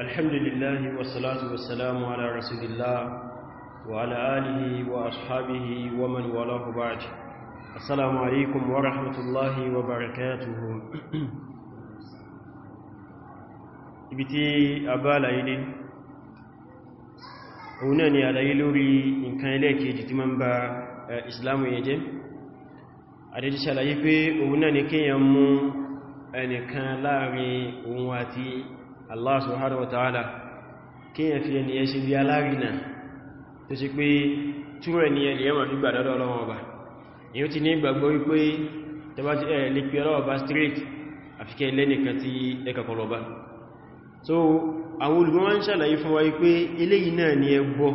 الحمد لله والصلاة والسلام على رسول الله وعلى آله وأصحابه ومن والاه بعد السلام عليكم ورحمة الله وبركاته ibiti abala ile òun náà ni àlàyé lórí nǹkan ẹlẹ́ẹ̀kejì tí ma ń ba eh, islamu yẹ jẹ́ àdẹ́jì ṣàlàyé pé òun náà ni kíyàn mú ẹnìkan láàrin òun àti Allah subhanahu wa ta'ala kíyàn fi ẹni ẹṣe bí alárìnà tó ṣe pé túnmọ̀ ẹni ẹni ẹmọ̀ nígbà dọ́dọ̀ ọlọ́wọ́ ọba èyí ti ní ìgbàgbọ́ wípé tẹbàtí ẹ̀ lè pẹ ọlọ́wọ́ ọba straight àfikẹ́ lẹ́nìkan tí ẹkàkọlọ bá so àwọn olùgbọ́n wọ́n ń ṣàlàyé fún wa wípé eléyìí náà ni ẹgbọ́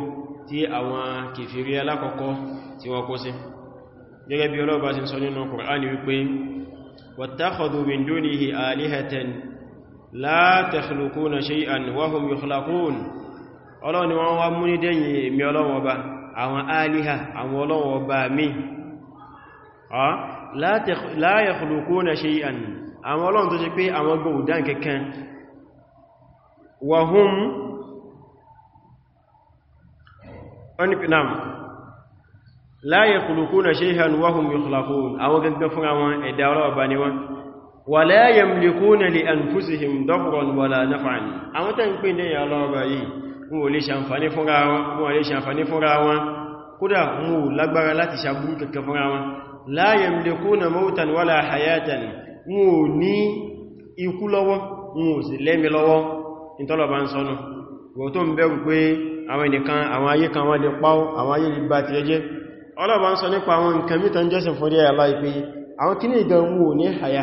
tí àwọn la takhluquna shay'an wa hum yukhlaqun ọlọ́run ni wọ́n wá mú ní dẹ́yìn èmi ọlọ́run ọba àwọn aliha àwọn ọlọ́run ọba mi la yakhluquna shay'an àwọn ọlọ́run tó ṣe pé àwọn gbòòdán kẹkẹn wa hum la yakhluquna shay'an wa hum àwọn gẹ́gẹ́ fún àwọn ẹ̀dà ọlọ́ọ̀bá wala yamlikuna li anfusihim darran wala naf'an àwọn tẹ́ ń pè ní ìyàlọ́ ọba yìí wọn ò lè ṣàǹfàní fúnra wọn kódà mú lágbára láti ṣàbúrú kẹkẹ fúnra wọn la yamlikuna mautan wala hayatan wọn ò ní ikú lọ́wọ́ wọn ò sì lẹ́mi lọ́wọ́ ìtọ́lọ̀bá ń sọ́nà wọ́n tó ń bẹ̀rù pé àwọn ẹnìkan àwọn ayé ìdánwò ní àyà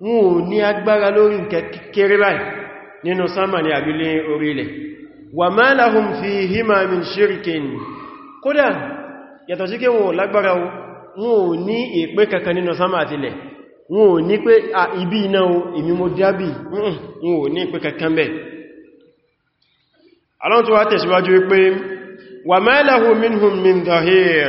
wọn ò ní agbára lórí nǹkan kékeré báyìí nínú sánmà ní àbílé orílẹ̀ wà máa lahum fi hima min ni kódà yàtọ̀ sí kí wọn ò lágbára wọn ò ní èpé kankan nínú sánmà àtilẹ̀ wọn ò ní pé à ibi iná o èmi mo dábì wọn ò ní èpé kankan bẹ̀ alọ́n minhum min dhahir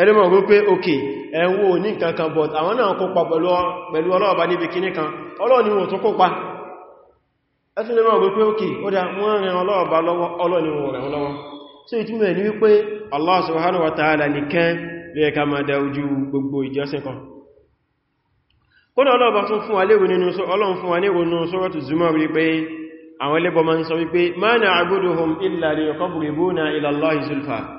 ẹlẹ́mọ̀ rú pé òkè ẹ̀wọ́ ní kankan but àwọn náà kópa pẹ̀lú ọlọ́ọ̀bá níbi kíní kan ọlọ́ọ̀ni wọ́n tó kópa ẹtùlẹ́mọ̀ rú pé òkè ó dá wọ́n rẹ̀ ọlọ́ọ̀bá lọ́wọ́ ọlọ́ọ̀ni wọ́n rẹ̀ lọ́wọ́ so ìtumọ̀ ní wípé Allah subhanahu wa ta'ala kan àwọn ń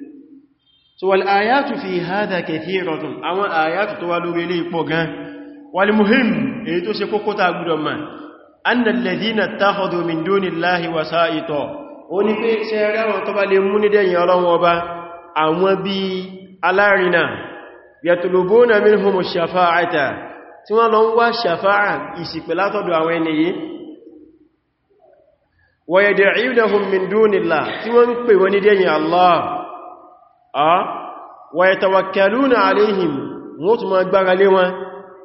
so wal ayatu fi hadha kathiratun àwọn ayatu tó wà lórí ilé ipò gan wal muhim èyí tó ṣe kókó ta gudo ma anna alladhina ittakhadhu min duni allahi wasa'ita oni pé ṣe re wọn tó bá lè mú ni deyin Ọlọ́hun Ọba àwọn bí alárìnà yatlubuna minhum ash-shafa'ata tí wọ́n lọ ń wá shafa'a ìsìpẹ̀ látọ̀dọ̀ àwọn ènìyàn wa yad'unahum min dunillah tí wọ́n ń pè wọ́n ní Allah wa yatawakkaluna alayhim wọ́n tún ma gbára lé wọn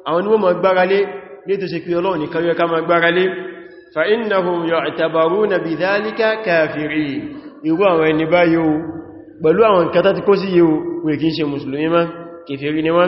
àwọn ni wọ́n ma gbára lé ní tó ṣe pé Ọlọ́run nìkan yẹ ma gbára lé fa innahum yu'tabaruna bidhalika kafirin irú àwọn ẹni bá yóò pẹ̀lú àwọn kẹta ti kó sí yóò wè ń ṣe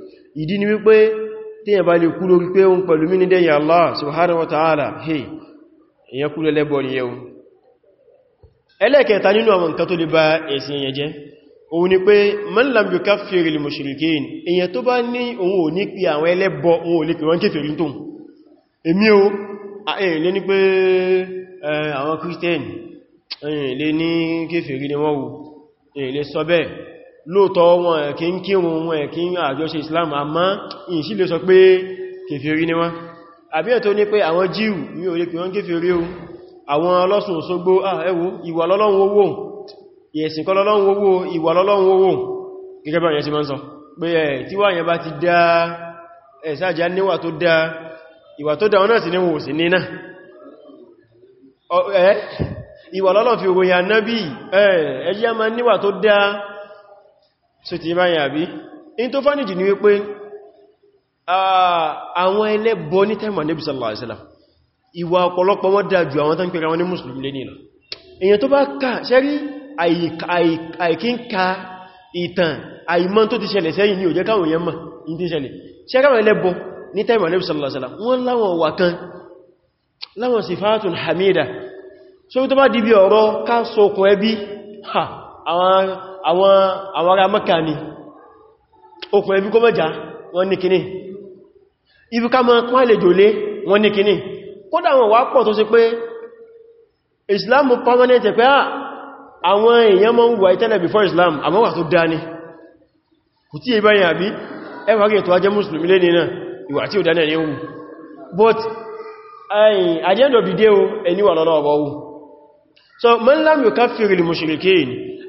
ìdí ni wípé téèyàn bá lè kú lórí pé òun pẹ̀lú mí ní dẹ́yìn Allah subhanahu wa ta'ala hey èyàn kú lẹ́lẹ́bọ ni yẹun ẹlẹ́kẹta nínú àwọn nǹkan tó lè ba ẹ̀sìn èyàn jẹ́ òun ni pé man lam yukaffiril mushrikin èyàn tó bá ní o èyàn lé lóòtọ́ wọn ẹ̀kí ń kírun wọn ẹ̀kí ń àjọṣe Islam àmá ìṣí lè sọ pé kèfèrí ni wọ́n àbí ẹ̀ tó ní pé àwọn jíù ní orí pé wọ́n kèfèrí o àwọn ọlọ́sùn Òṣogbo ah, ẹwọ ìwà lọ́lọ́run owó ìyẹ̀sìn kọ́ lọ́lọ́run owó ìwà lọ́lọ́run owó gẹ́gẹ́ bí àwọn ẹ̀sìn máa ń sọ pé ẹ̀ tí wà yẹn bá ti dá ẹ̀sájá níwà tó dá so ti bá yà bí in tó fánìjì ní wípé àwọn ẹlẹ́bọ ní tẹ́mà Nabi sallallahu alaihi wasallam ìwà ọ̀pọ̀lọpọ̀ wọ́n dájú àwọn tán pẹ̀rẹ̀ wọn ní mùsùlùmí lé nìlọ èyàn tó bá ká sẹ́rí àìkínká ìtàn àìmọ́ tó ti ṣẹlẹ̀ sẹ́yìn ní òjẹ́ káwọn yẹn mọ̀ ní ti ṣẹlẹ̀ sẹ́ráwọn ẹlẹ́bọ ní tẹ́mà di bí ọ̀rọ̀ ká ha àwọn àwọn àwọn ará mọ́kà ni okùn ẹbí kó mọ́já wọ́n ní kìíní ibi ká mọ́ kún àlejò lé wọ́n ní kìíní kódà wọn wà pọ̀ tó sí pé islam permanent pé ah, àwọn èèyàn mọ́ ń wà ìtẹ́lẹ̀ before islam àwọn wà tó dáni kò tí ìbá yà bí ẹwà rí ètò ajẹ́ mùsùlùmí but at the end of the day ẹni wà lọ́nà ọ̀bọ̀ wù so man lam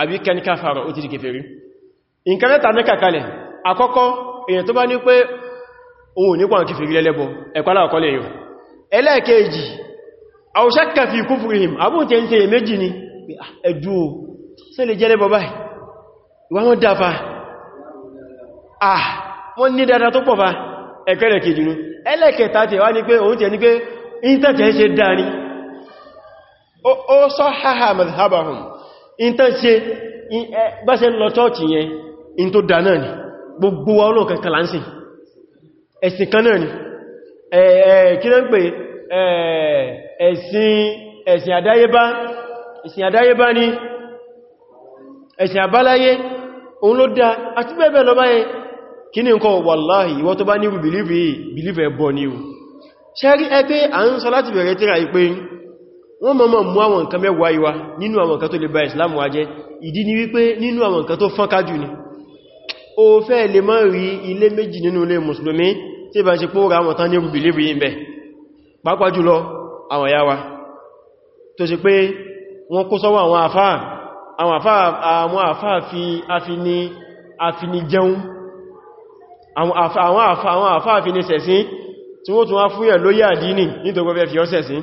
àbí kẹni káfàrọ̀ ó ti di kèfèrí nǹkan mẹ́ta mẹ́ka kalẹ̀ àkọ́kọ́ èyàn tó bá ní pé òun nípa kèfèrí lẹ́lẹ́bọ ẹ̀kọ́lá ọ̀kọ́lẹ̀ yóò ẹlẹ́ẹ̀kẹ́ẹ̀jì aw shakka fi kufrihim ah, ah wọ́n ní dáadáa tó pọ̀ fa ẹ̀kẹ́lẹ̀ kejì ni ẹlẹ́ẹ̀kẹta tẹ̀ wá ní pé òun tẹ́ ní pé ìntàn eh, ṣe báṣẹ́ lọ chọ́ọ̀chì yẹn in tó dà ni gbogbo wa kankan ẹ̀sìn kan náà ni kí náà ń pè ẹ̀sìn àdáyébá ẹ̀sìn àdáyébá ni ẹ̀sìn àbáláyé òun ló dá àti bẹ́ẹ̀bẹ́ẹ̀ lọ báyẹn kí ní nǹkan wàláhì ìwọ tó bá nírù bìlífẹ̀ẹ́ o ṣẹ́rí ẹgbẹ́ à ń sọ láti bẹ̀rẹ̀ tíra wọ́n mọ́mọ́ mú àwọn nǹkan mẹ́wàá ìwá nínú àwọn nǹkan tó lè ba Islam wa jẹ́ ìdí ni wípé nínú àwọn nǹkan tó fọ́nká jù ní o fẹ́ lè mọ́ rí ilé méjì nínú ilé mùsùlùmí tí bá ṣe pòórà àwọn tán ní rúbì lè rí ibẹ̀ pàápàá jùlọ àwọn yáwa tó ṣe pé wọ́n kó sọ́wọ́ àwọn àfáà àwọn àfáà fi afini jẹun àwọn àfáà fi ní sẹ̀sín tí wọ́n tún wá fúyẹ̀ lóyè àdínì nítorí wọ́n fẹ́ fi ọ́ sẹ̀sín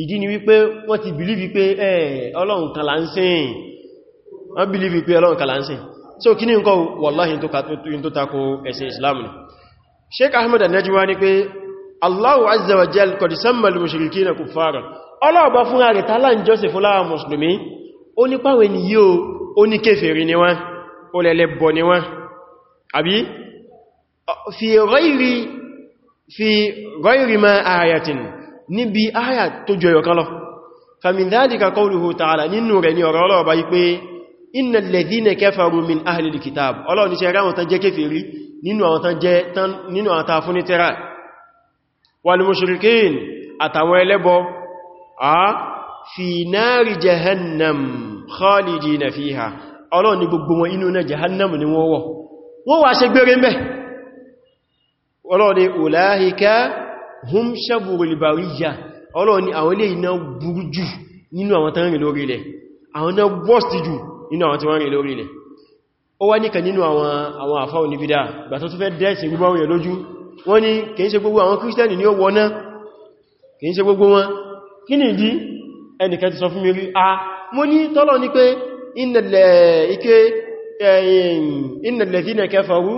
ìdí ni wípé wọ́n ti bìlífì pé ọlọ́run kan là ń sìn wọ́n bìlífì pé ọlọ́run kan là ń sìn so kí ní nǹkan wàláhìn tó tako ẹ̀sìn islam ni sheik ahmed al-najwa ni pé allahu azza wa jal qad samma al-mushrikina kuffara ọlọ́ọ̀bá fún ààrẹ tààlà ń jọ́sìn fún láwọn mùsùlùmí ó ní pàwẹ̀ ni yíò ó ní kéfèrí ni wọ́n ó lẹ́lẹ́bọ ni wọ́n àbí fi ghayri ma ayatin níbi áyà tó jọ ẹ̀yọ̀kan lọ فمن ذلك قوله تعالى nínú rẹ̀ ni ọ̀rọ̀ Ọlọ́run bá yí pé إن الذين كفروا من أهل الكتاب Ọlọ́run ní ṣe ra wọn tán jẹ́ kèfèrí nínú والمشركين àtàwọn ẹlẹ́bọ في نار جهنم خالدين فيها Ọlọ́run ní gbogbo wọn inú náà jahannam ni wọ́n hum ṣẹ́bùrù ìbàríyà ọlọ́ni àwọn ilé iná burú jù nínú àwọn tán rìn lórí ilẹ̀ àwọn náà worst jù nínú àwọn tí wọ́n rìn lórí ilẹ̀ ó wá níkan nínú àwọn àwọn àfáwọn ní tó fẹ́ dẹ́ẹ̀sì gbogbo àwọn lójú wọ́n ní kìí ṣe ni ó wọ́ná kìí ṣe gbogbo wọn kí ni ìdí ẹnìkan ti sọ a mo ní tọ́lọ̀ ní pé innal ladhina kafaru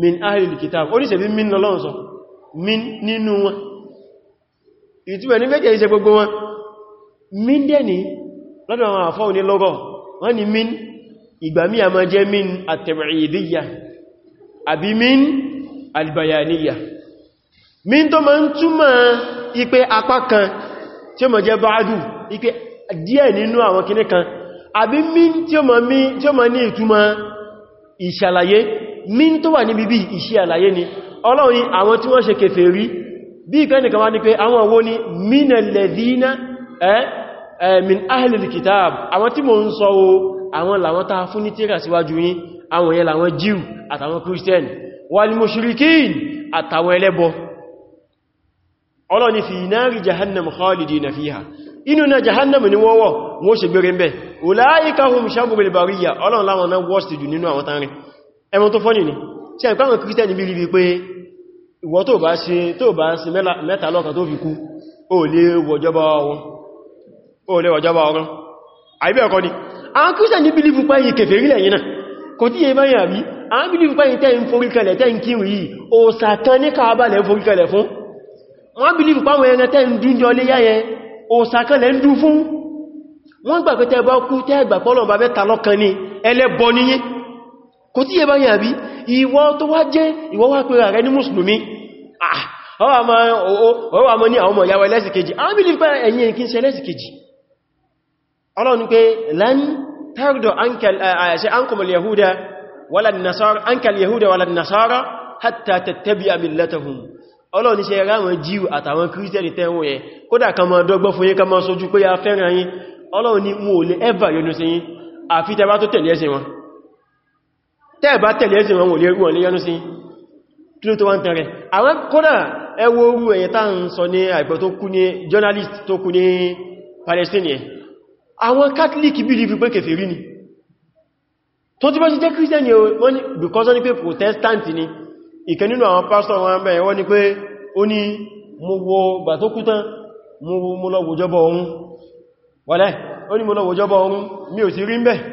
min ahlil kitab ó ní ṣe min lọ́lọ́run sọ ìtúwẹ̀ ní méjì ìṣe gbogbo wọn min dẹ̀ ní lọ́dọ̀ àwọn àfọ́ ní lọ́gọ́ wọ́n ni min ìgbà mí jẹ́ min at-tab'idiyya àbí min al min tó ma ń túmọ̀ ipe apá kan tí ó ma jẹ́ báadù ipe díẹ̀ nínú àwọn kiní kan àbí min tí ó ma ní ìtumọ̀ ìṣàlàyé min tó wà ní bíbí ìṣàlàyé ni ọlọ́run àwọn tí wọ́n ṣe kèfèrí bí ìkẹ́ nìkan wá ní pé àwọn owó ní mínàlẹ̀dínà min ahlil kitab àwọn tí mo ń sọ o àwọn làwọn tàà fún ní tírà síwájú yín àwọn yẹn làwọn jíù àtàwọn christian wal mushrikin àtàwọn ẹlẹ́bọ ọlọ́ni fi nari jahannam khalidina fiha inú na jahannam ni wọ́wọ́ wọ́n ṣe gbére mbẹ̀ ulaika hum sharrul bariyya ọlọ́run láwọn náà worst ni ṣe ẹ̀kọ́ àwọn christian bí ìwọ tó bá ṣe tó bá ṣe mẹ́ta lọ́kan tó fi kú o lè wọ̀jọba ọ̀run àìbẹ̀ ọ̀kọ́ ni àwọn kírísẹ̀ ní bílífù páyì kèfèrí lẹ́yìn náà kò tí yẹ báyìí àbí àwọn bílífù páyì tẹ́ ń foríkalẹ̀ tẹ́ ń kírù yìí o sàtán ní kàábàlẹ̀ foríkalẹ̀ fún wọ́n bílífù páwọn ẹran tẹ́ ń dúnjọ lé yáyẹ o sàkànlẹ̀ ń dún fún wọ́n gbà pé tẹ́ bá kú tẹ́ gbà pọ́lọ̀ bá mẹ́ta lọ́kan ni ẹlẹ́bọ níyìn kò tí yẹba yà bí ìwọ tó wá jẹ́ ìwọ wá pé ààrẹ ní mùsùlùmí ọwọ́ ah, àmọ́ ní àwọn ọmọ ìyàwó ẹlẹ́sì kejì àwọn bí nípa ẹ̀yìn ìkí ń ṣe ẹlẹ́sì kejì ọlọ́run pé lan tardo ankel eh, yahuda wala nasara hatta tattabi millatahum ọlọ́run ṣe ráwọn jíu àtàwọn kírísítẹ̀lì tẹ́wọ́ yẹ kódà kan máa dọ́gbọ́ fún yí kan máa sójú pé ya fẹ́ràn ni mú ò lè ẹ́bà tẹ́ẹ̀bá tẹ̀lé ẹ̀sìn wọn wòlé ẹrù ọ̀lẹ́ yánú sí kí ló tó wá ń tẹ́rẹ àwọn kódà ẹwọ orú ẹ̀yẹ tá ń sọ ní àìpẹ́ tó kú ní journalist tó kú ní Palestine àwọn Catholic pé ni tó ti bá ti jẹ́ Christian ni wọ́n ni because wọ́n ni pé nínú àwọn ní lọ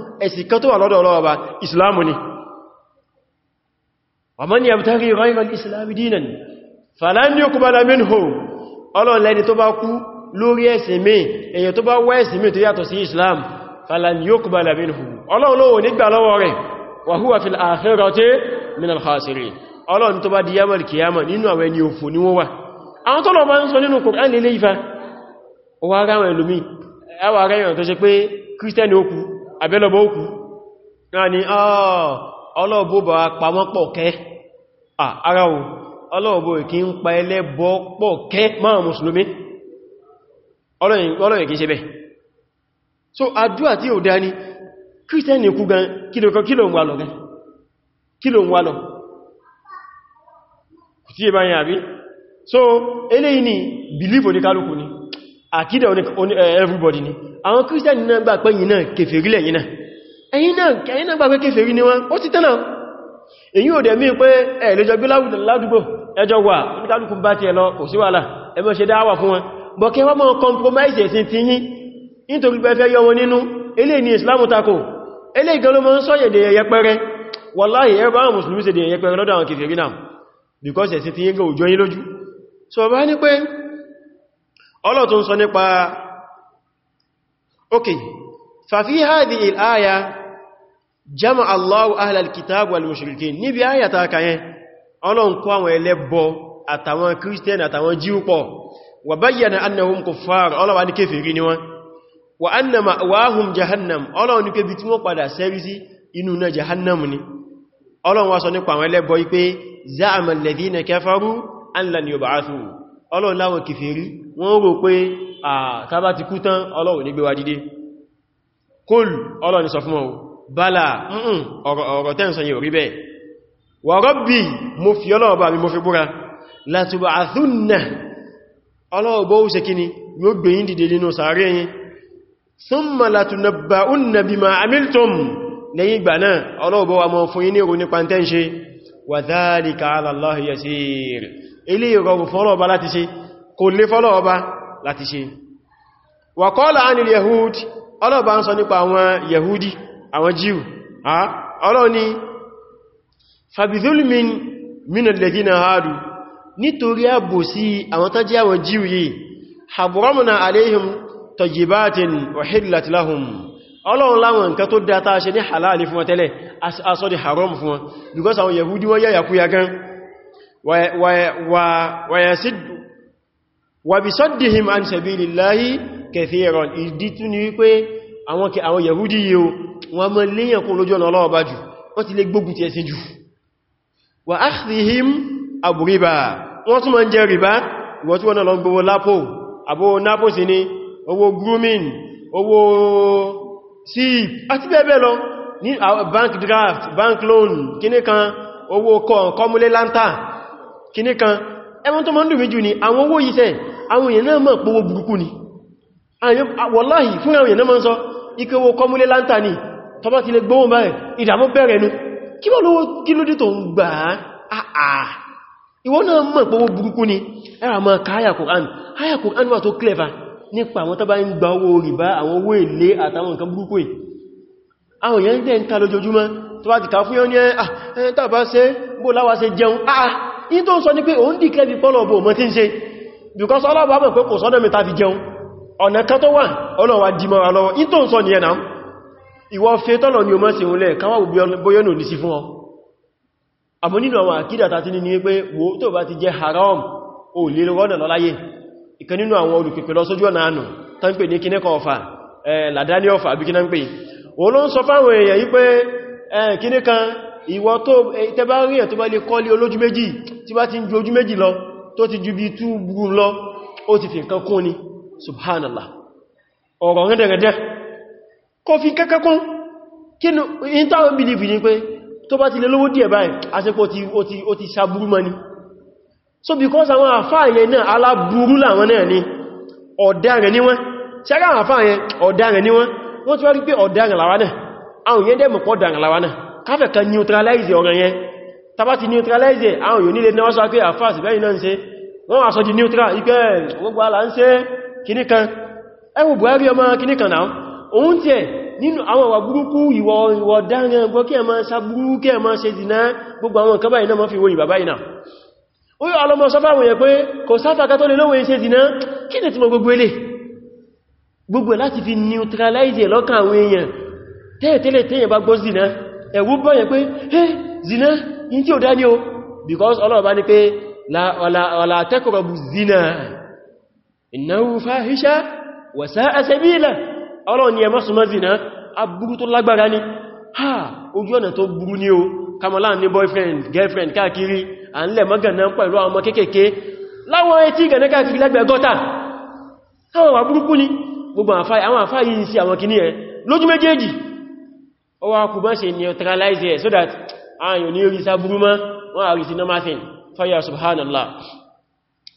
ẹ̀sì kan tó wà lọ́dọ̀ Ọlọ́run Ọba ìsìláàmù ni wa man yabtaghi ghayra al-islami dinan falan yuqbala minhu Ọlọ́run lẹ́ni tó bá kú lórí ẹ̀sìn mi èyàn tó bá wá ẹ̀sìn mi tó yàtọ̀ sí Islam falan yuqbala minhu Ọlọ́run ló ní gbà lọ́wọ́ rẹ̀ wa huwa fil akhirati min al-khasirin Ọlọ́run tó bá di yamal kiyama nínú àwọn ẹni òfò ni abẹ́lọ̀bọ̀ òkú náà ni ah, ọlọ́ọ̀bọ̀ bá pa wọ́n pọ̀ kẹ́ ara o ọlọ́ọ̀bọ̀ ìkí ń pa ẹlẹ́bọ pọ̀ kẹ́ máa mùsùlùmí ọlọ́yìn kí ṣe bẹ́ so àdúà tí ó dá ní kírísítẹ́nì kú gan kílò ń wà so eléyìí ni bìlífò ní àkídà eh, everybody ni àwọn christian ní náà gbà pé yìí náà kèfèrí lẹ́yìn náà ẹ̀yin náà gbà pé kèfèrí ni wọ́n ó ti tẹ́nà èyí ò dẹ̀ mí pé ẹ̀lẹ́jọ bí ládùgbò ẹjọ wà oníkálùkù bá ti ẹ̀lọ kò sí wàhálà ẹ má ṣe dáwà fún wọn bọ̀ compromise ẹ̀sìn ti yín nítorí pé fẹ́ ni Islam tako eléyìí gan ló mọ́ ń sọ́yẹ̀dẹ̀ wallahi ẹ̀rọ àwọn mùsùlùmí ṣe dẹ̀ yẹpẹrẹ lọ́dọ̀ because ẹ̀sìn ti yín gan so bá ní pé ọlọ́ tó ń sọ nípa okay fàfí hàdì ìláyà jama allahu ahlal kitabu al-mushrikin níbi ayata kayan ọlọ́n kó àwọn ẹlẹ́bọ àtàwọn christian àtàwọn jíu pọ̀ wà bayyana annahum kuffar ọlọ́wà ní kéfèrí ni wọ́n wà annama wahum jahannam ọlọ́wà ní kébi tí wọ́n padà sẹ́rí sí inú na ọlọ́run láwọn kìfèrí wọ́n rò pé àtàbà ti kú tán ọlọ́run ní gbéwà dìde kúl ọlọ́run sọ fún ọ bala ọ̀rọ̀ tẹ́ǹsàn yóò rí bẹ́ẹ̀ wà rọ́bì mo fi ọlọ́run bá mi mo fi búra látùbà àthúnnà ọlọ́run bó ṣe kíni yóò gbé yín dìde nínú sàárè yín thumma wa dhalika ala Allahi yasir ilé ìrọ̀rùn fọ́lọ̀ ọba láti ṣe kò lè fọ́lọ̀ ọba láti ṣe wàkọ́lá ánìl yahud ọlọ́ba ń sọ nípa àwọn yahudi àwọn jíù ọlọ́ni fàbíthulmin minalladhina hadu nítorí àbòsí àwọn tó jẹ́ àwọn jíù yìí haburamna alayhim tajibatin wahillat lahum ọlọ́run láwọn nǹkan tó dáta ṣe ní halali fún wọn tẹ́lẹ̀ asọ́dì haram fún wọn because àwọn yahudi wọ́n yáyà kúya gan ويسد وبصدهم عن سبيل الله كثيرا ìdítú ni wípé àwọn kẹ àwọn yahudi yíò wọn mọ́ léyàn kó lójú ọ̀nà ọlọ́ọ̀bá jù wọ́n ti lè gbógun ti ẹ̀sìn jù wà áṣìhìm àbúríbà wọ́n tún mọ́ ń jẹ rìbá ìwọ̀n tí wọ́n náà lọ gbówó ni ah, bank draft bank loan kíníkan owó kọ̀ọ̀kọ́múlé lanta kìní kan ẹwọ́n tó mọ́ ń méjì ni àwọn owó yìí sẹ́ àwọn èèyàn náà mọ̀ pówó burúkú ni wọ́láhì fún àwọn èèyàn náà mọ́ ń sọ ikẹwò kọmúlé láńtà ní tọba ti lè gbóhùn báyẹ̀ ìdàmú bẹ̀rẹ̀ nú kí wọ́n lówó tó ni ẹ̀rà mọ́ ká àyà Kùránì àyà Kùránì wà tó clever nípa àwọn tọba ń gba owó rìbá àwọn owó èlé àtàwọn bá ti ká fún yọ́ ní ẹ̀ tàbá ṣe bó láwá ṣe jẹun ah ito tó ń sọ ní pé òun dìkẹ́ bí pọ́lọ̀ bó mọ́ tí ń ṣe because ọlọ́bàá mọ̀ pé kò sọ́dọ̀ mi tàbí jẹun ọ̀nà kan tó wà ọlọ́wà dìmọ̀ra lọ́wọ́ in sọ ní ẹ̀nà fẹ́ tọ́lọ̀ ni o mọ́ ọ àmọ́ nínú àwọn àkídà tàti ní ní pé wo tó ti haram ò lè rọ́nà lọ́láyé ìkan nínú àwọn olùpẹ̀pẹ̀ lọ sójú ìwọ tó tẹbá ríyàn tó bá lè kọ́lé olójú méjì tí bá ti ń ju ojú méjì lọ tó ti ju bí tú gbù lọ ó ti fi nǹkan kún ni subhanallah ọ̀rọ̀ rẹ̀ dẹ̀rẹ̀dẹ̀ kó fi kẹ́kẹ́ kún kí ní ìntàwọn believe ní pé tó bá ti lè lówó díẹ̀ báyìí àṣepọ̀ ó ti sàbúrú mọ́ ni so because àwọn àfáàyẹ náà aláburú làwọn náà ni ọ̀daràn ni wọ́n ṣẹ́gbà àfáàyẹ ọ̀daràn ni wọ́n wọ́n ti wá rí pé ọ̀daràn làwọn náà àwọn yẹn dẹ̀mọ̀pọ̀ ọ̀daràn làwọn náà káfẹ̀ kan neutralize ọ̀rọ̀ yẹn tàbá ti neutralize àwọn yóò nílé náwọ́ sọ pé àfáàsì bẹ́yìn náà ń ṣe wọ́n wà sọ di neutral ipẹ́ eh, gbogbo alà ń ṣe kìníkan ẹwù buhari ọmọ kìníkan náà òun tí ẹ̀ nínú àwọn wà burúkú ìwọ̀ ìwọ̀ dáran gbọ́ kí ẹ máa sàbúrú kí ẹ máa ṣe zìná gbogbo àwọn nǹkan báyìí náà mọ́ fi wòyìn bàbá ìnà ó yọ alọ́mọ sọ fáwọn yẹ pé kò sátàkà tó lè lówó ṣe zìná kí ní ti mọ gbogbo ilé gbogbo láti fi neutralize lọ́kàn àwọn èèyàn tẹ́ẹ̀tẹ́lẹ̀ tẹ́yẹ̀ bá gbọ́ zìná ẹ̀wú bọ́yẹ̀ pé hey zina yí tí ó dá ní o because ọlọ́run bá ní pé la taqrabu zina innahu fahisha wa sa'a sabila ọlọ́run ni ẹ má zina aburú tó lágbára ní ha ojú ọ̀nà tó burú ní o kamala ni boyfriend girlfriend káàkiri à ń lẹ̀ mọ́gànná pẹ̀lú gànà ó wá kú bá ṣe neutralize ẹ̀ so that ayò ní orí sáburú mọ́ wọ́n àrí sí normal thing faya subhanallah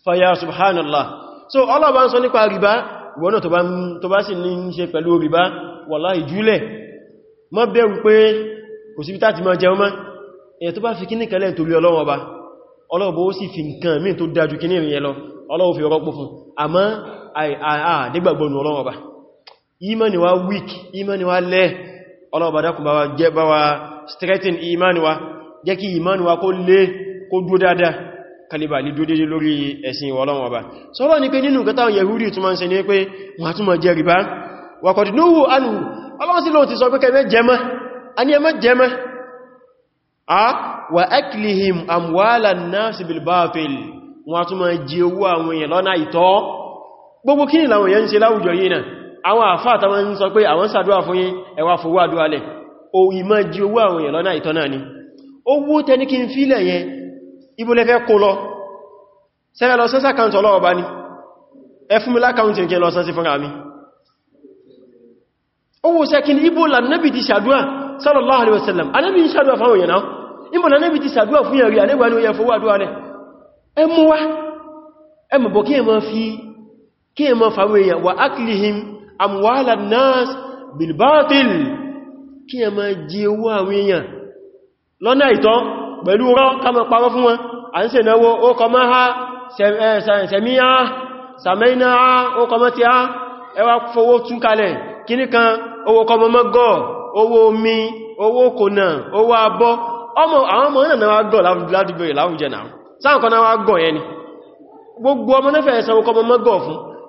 faya subhanallah so ọlọ́bá ń sọ nípa rìbá wọ́nà tó bá sì ní ṣe pẹ̀lú rìbá wallahi ìjúlẹ̀ mọ́ bẹ̀rù pé kò sí tàti mọ́ jẹun mọ́ èyà tó bá fi kíní kẹlẹ̀ torí Ọlọ́run Ọba Ọlọ́run ó sì fi nǹkan míì tó dájú kíní ìrìn ẹlọ Ọlọ́run fi rọ́pò fún àmọ́ àà dégbàgbọ́nù Ọlọ́run Ọba ìmánì wa weak ìmánì wa lẹ́ẹ̀ ọlọ́ọ̀bá dákùn bá wa jẹ́ bá wa straighten imani wa jẹ́ kí imani wa kó lé kó dúó dáadáa kalibà lè dúó dédé lórí ẹ̀sìn ìwọ̀ ọlọ́wọ̀ bá sọ́rọ̀ ní pé nínú nǹkan táwọn tó máa ń ṣe ní pé wà tó máa jẹ́ rìbá wà a ní amwala nasi bil batil wọ́n tó máa jẹ owó àwọn èèyàn ni làwọn èèyàn ń ṣe láwùjọ àwọn àfáà tàbí ń sọ pé àwọn sàdúwà fún yín ẹwà fòwò àdúwàlẹ̀ o ìmọ̀ jí owó àwọn èèyàn lọ́nà ìtọ́ ni owó tẹni kí n fílẹ̀ yẹn ibúlẹ́fẹ́ kó lọ sẹ́rẹ̀ lọ sẹ́sà káùntì ọlọ́wọ́ bá ní mi lákàùntì kí lọ sẹ́sì fún àmì owó sẹ́kín ibò lànàbì ti sàdúwà sallallahu alaihi wasallam anábì ń sàdúwà fáwọn èèyàn náà ibò lànàbì ti sàdúwà amwala nas bil batil kí ma máa jí owó àwọn èèyàn lọ́nà ìtọ́ pẹ̀lú kama parọ́ fún wọn a ń ṣe ha sẹ̀míyà ha ó ti ha ẹwà fowó tún kan owó kọmọ mọ́gọ́ owó omi owó kònà owó abọ́ ọmọ gbogbo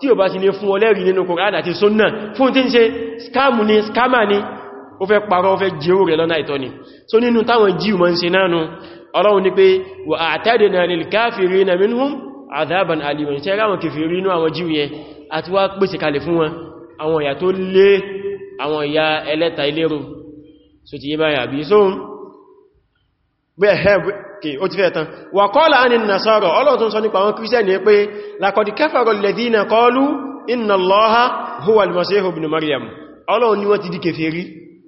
tí ò bá sí lè fún ọlẹ́rìí nínú Kùránì àti súnnà fún tí ń ṣe skamu ni skama ni ó fẹ́ parọ́ ó fẹ́ jẹ́ ó rẹ̀ lọ́nà ìtọ́ ni so nínú táwọn jíù mọ́ sí náà ọlọ́run ni pé wà minhum adhaban aliman ṣe ráwọn kèfèrí inú àwọn jíù yẹn àti wá pèsè kalẹ̀ fún wọn àwọn ìyà tó lé àwọn wa qala anin nasara ọlọ́run tó ń sọ nípa àwọn kírísẹ́nì pé laqad kafara alladhina qalu inna Allaha huwa al-masihu ibn Maryam ọlọ́run ni wọ́n ti di kèfèrí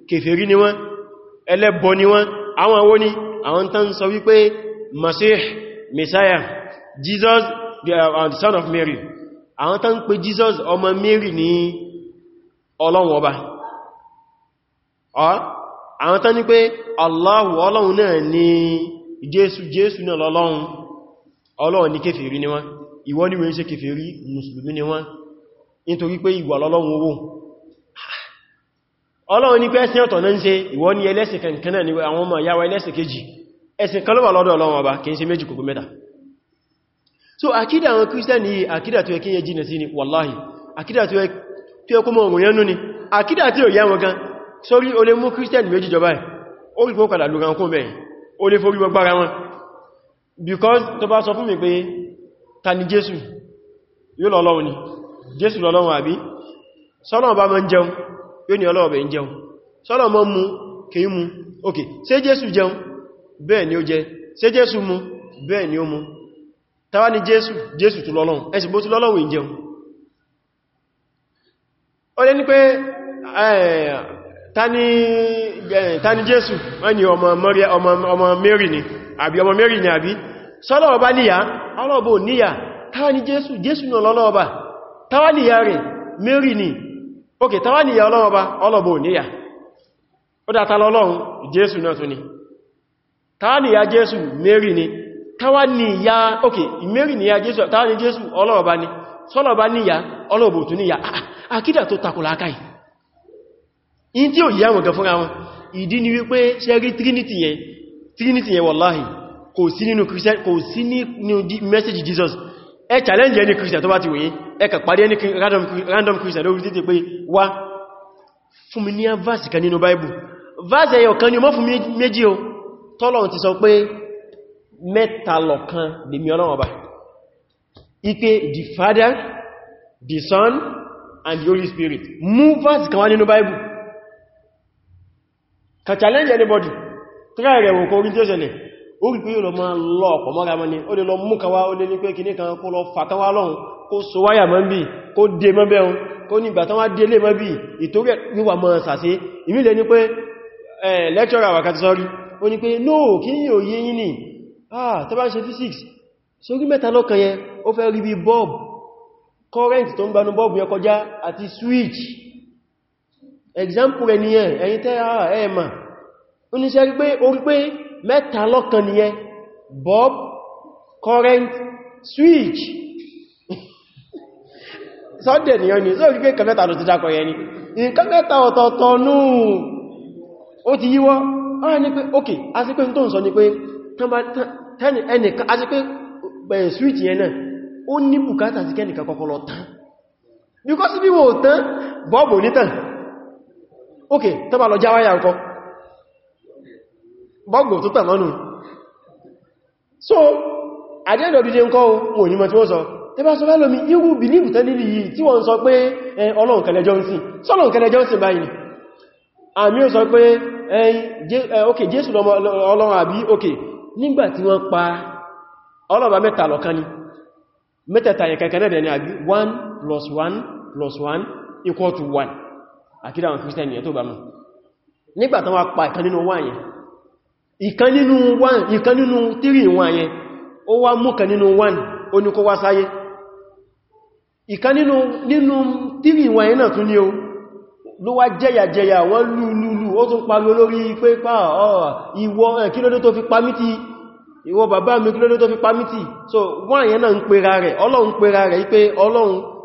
kèfèrí ni wọ́n ẹlẹ́bọ ni wọ́n àwọn awó ni jesus uh, the, son of mary àwọn tán pè jesus ọmọ mary ní ọlọ́run ọba àwọn tán ní pé Allahu ọlọ́run náà ni Jésù Jésù náà lọ́lọ́run ọlọ́run ní kèfèrí ni wọ́n ìwọ ni wọ́n ṣe kèfèrí mùsùlùmí ni wọ́n nítorí pé ìwà lọ́lọ́run owó ọlọ́run ní pé ẹ̀sìn ọ̀tọ̀ náà ń ṣe ìwọ ni ẹlẹ́sìn kankan náà ni àwọn wa ẹlẹ́sìn kejì ẹ̀sìn kan ló wà so àkídà àwọn kírísítẹ́nì yìí àkídà tó yẹ kí yẹ jìnà sí ni wàláhì àkídà tó yẹ sórí o lè mú christian méjì jọba ẹ̀ ó rí fókàdà lórankún mẹ́rin ó lè forí gbọ́gbára wọn because tó bá sọ fún mi pé ta ni jésù yóò lọ́lọ́run ni jésù lọ́lọ́run àbí sọ́lọ́run bá mọ́ ń jẹun yóò ní ọlọ́run bẹ̀ ń ni ó jẹ ṣé jésù mú ni ó mú ni jésù jésù tún lọ́lọ́run ẹ̀sì bó tún lọ́lọ́run ìjẹun ó lé ní pé Eh, tani jésù wọ́n ni ọmọ mary ni àbí ọmọ mary ni àbí sọ́lọ́ọ̀bá níyà ọlọ́ọ̀bọ̀ níyà tàwà ní jésù ni oke ọlọ́ọ̀bá ya níyà rẹ̀ mary ni ok tàwà níyà ọlọ́ọ̀bá ọlọ́ọ̀bọ̀ níyà ó dátà lọ́lọ́run jésù náà ni ya mary ni mary ni in tí ò yí àwọn kan fúnra wọn ìdí ni wípé ṣe rí trinity yẹn trinity yẹn wallahi kò sí nínú christian kò sí nínú message jesus ẹ challenge ẹni christian tó bá ti wòye ẹ kà parí ẹni random christian lórí títí pé wá fún mi ní verse kan nínú bible verse ẹyọ kan ni mọ́ fún méjì o tọ́lọ̀n ti sọ pé mẹ́ta lọ̀kan lèmi ọlọ́run ọba ipe the father the son and the holy spirit mú verse kan wá nínú bible ka challenge anybody try rẹ̀ wọ̀n kó orí tí ó ṣẹlẹ̀ ó rí pé yóò lọ ma lọ ọ̀pọ̀ mọ́ra mọ́ ni ó lè lọ mú kawá ó lè ní pé kìní kan kó lọ fàtánwá lọ́hun kó so wáyà mọ́ bí kó dé mọ́ bẹ́hun kó ní ìgbà tánwá délé mọ́ bí ìtorí wíwà mọ́ sàṣe ìmìlẹ̀ ní pé lecturer wákàtí sọ́rí ó ní pé no kí ní òye yín ni ah tó bá ń ṣe physics sórí mẹ́ta lọ́kàn yẹn ó fẹ́ rí bí bulb current tó ń gbanú bulb yẹn kọjá àti switch example rẹ̀ nìyẹn ẹ̀yin tẹ́ ara ẹ̀mà oníṣẹ́ rí pé mẹ́ta lọ́kan nìyẹn bob current switch sunday nìyẹn ni so rí pé kẹfẹ́ta ló ti dákọ̀ yẹn ni nǹkan mẹ́ta ọ̀tọ̀ọ̀tọ̀ nù ó ti yíwọ́ ara ní pé ok a sí pé tó switch yẹn náà ó ní bùkátà sí kẹ́nìkan because bí wọ́n tán bọ́ọ̀bù ok tó bá lọ jáwáyà ǹkan bọ́gbọ̀ tó tẹ̀mọ́nù so àjẹ́dọ̀ díje ń kọ́ wọ́n ní mọ̀ tí wọ́n sọ tí bá sọ lẹ́lọ́mí irú bìlífù tẹ́lìlì yìí tí wọ́n sọ pé Ọlọ́run kẹlẹ̀ Johnson sọ́lọ́run kẹlẹ̀ Johnson báyìí àmì ó sọ pé ok Jésù Ọlọ́run àbí ok nígbà tí wọ́n pa ọlọ́ba mẹ́ta lọ́kan plus one plus 1 equal to 1 àkídà àwọn kírísítẹ̀nì tó bá mú nígbàtán wá pa ìkan nínú wá yẹn ìkan nínú tírì wá yẹn ó wá mú kan nínú wá ó ní kó wá sáyé ìkan nínú tírì wá yẹn náà tún ní o ló wá jẹyà jẹyà wọ́n lúlúlú ó tún pariwo lórí pé pa ọ̀ bàbá mi kílódé tó fi miti so wá yẹn náà ń pera rẹ̀ ọlọ́run pera rẹ̀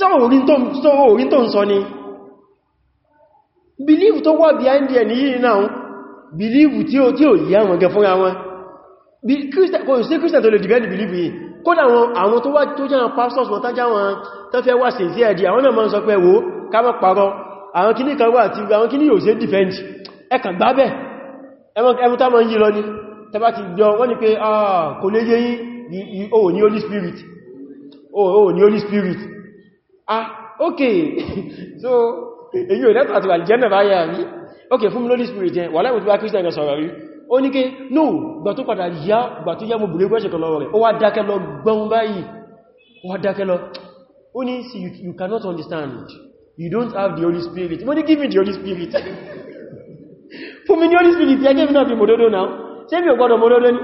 sáwọn orin tó ń sọ ni believe tó wà behind ẹ̀ ní yìí náà believe tí ó tí ó yí àwọn gẹ fúnra wọn kò sí christian tó lè defend believe yìí kódà àwọn tó wà tó jẹ́ pastors wọn tájá wọn tó fẹ́ wà sí ẹ̀dì àwọn náà máa ń sọ pé wo ká má parọ́ àwọn kìní kan wà àti àwọn kìní yóò ṣe defend ẹkàn gbábẹ̀ ẹmọ tá máa ń yí lọ ní tẹbá ti ni ah kò oh ní holy spirit oh, oh ní holy spirit ah ok so èyí ò lẹ́tọ̀ àti àlìjẹ́nà bá yà rí ok fún mi lórí spirit yẹn wà láìwò tí wá christian sọ̀rọ̀ rí ó ní ké no gbà tó padà yá gbà tó yá mo bùrẹ́ gbẹ́ṣẹ̀ kan lọ́wọ́ rẹ̀ ó wá dákẹ́ lọ gbọ́n báyìí ó wá dákẹ́ lọ ó ní you, cannot understand you don't have the Holy Spirit mo ní give me the Holy Spirit fún mi Holy Spirit yẹ gẹ́mi náà fi mòdódó náà ṣé mi ò gbọ́dọ̀ mòdódó ní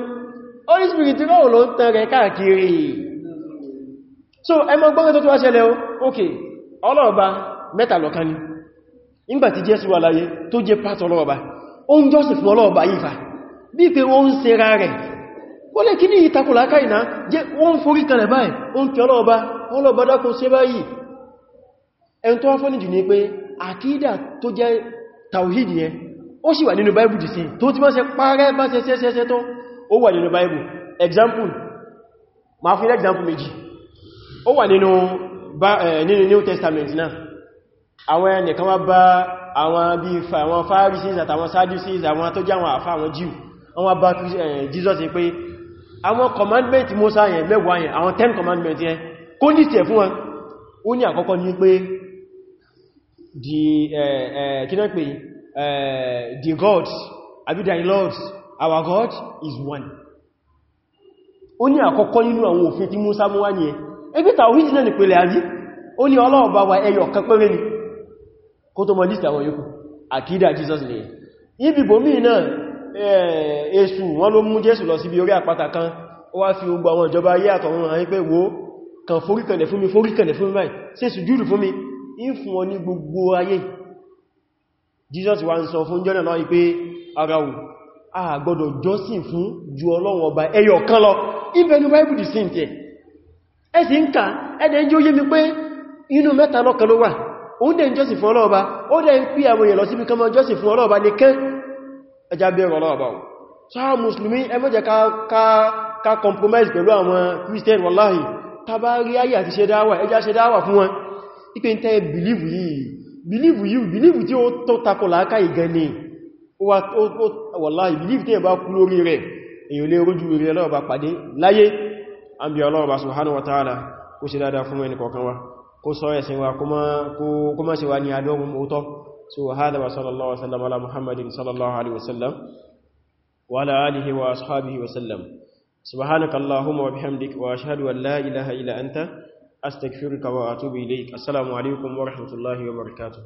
Holy Spirit rọ́ ò ló ń tán rẹ káàkiri so ẹmọ gbọ́nà tó tó wá ṣẹlẹ̀ o ok ọlọ́ọ̀bá mẹ́ta lọ́kan ni ìgbàtí jésù wà láyé tó jẹ́ pàtó ọlọ́ọ̀bá ó ń jọ́sìn fún ọlọ́ọ̀bá yìí fà bí pé ó ń ṣe ra rẹ̀ ó lè kí ní ìtakùlá káìná jẹ́ ó ń forí kalẹ̀ báyìí ó ní méjì ó wà eh, nínú New Testament náà àwọn ẹnìkan wá bá àwọn bí àwọn Pharisees àtàwọn Sadducees àwọn tó jẹ́ àwọn àfá àwọn Jew wọ́n wá bá eh, Jesus pé àwọn commandment Mọ́sá yẹn mẹ́wàá yẹn àwọn 10 commandment yẹn kó ní tẹ̀ fún wọn ó ní àkọ́kọ́ ní pé the eh, kí náà pé the gods àbí thy lords our God is one ó ní àkọ́kọ́ nínú àwọn òfin tí Mọ́sá mú wá ní ẹgbẹ́ tàwí náà ní pẹ̀lẹ̀ àbí ó ní ọlọ́ọ̀bá wa ẹyọ kan pẹ́rẹ́ ni kó tó mọ́ list àwọn yòókù àkídà Jesus ni ibi bòmí náà eh, èṣù wọ́n ló mú Jésù lọ síbi orí àpáta kan ó wá fi gbogbo àwọn ìjọba ayé àtọ̀run hàn pé wo kan foríkẹ̀lẹ̀ fún mi foríkẹ̀lẹ̀ fún mi báyìí ṣe sùjúdù fún mi ń fún ọ ní gbogbo ayé Jesus wá ń sọ fún jọ́nà náà pé ara wù a gbọ́dọ̀ jọ́sìn fún ju Ọlọ́run ọba ẹyọ kan lọ ibẹ̀ ni Bible dì sí ìtẹ̀ ẹ̀sì ń kà ẹ̀dẹ̀ jí ó yé mi pé inú mẹ́ta lọ́kan ló wà òun dẹ̀ ń jọ́sìn fún ọlọ́ọ̀bá ó dẹ̀ ń pí àwọn èèyàn lọ síbi kan mọ́ jọ́sìn fún ọlọ́ọ̀bá ní kẹ́ ẹjà bẹ̀rọ ọlọ́ọ̀bá sáà mùsùlùmí ẹ má compromise pẹ̀lú àwọn Christian wallahi tabari ayé àti believe believe an bí ọlọ́ọ̀bá subhanahu wa ta'ala kó ṣe dáadáa fún ẹni kọ̀ọ̀kan wa kó sọ ẹ̀sìn wa kuma ṣe wa ni adọ́gun òótọ́ so hada wa sallallahu wasallam ala muhammadin sallallahu alaihi wasallam wa ala wa ashabihi wasallam subhanaka allahumma wa bihamdik wa ashhadu an la ilaha illa anta astaghfiruka wa atubu ilayk assalamu alaikum wa rahmatullahi wa barakatuh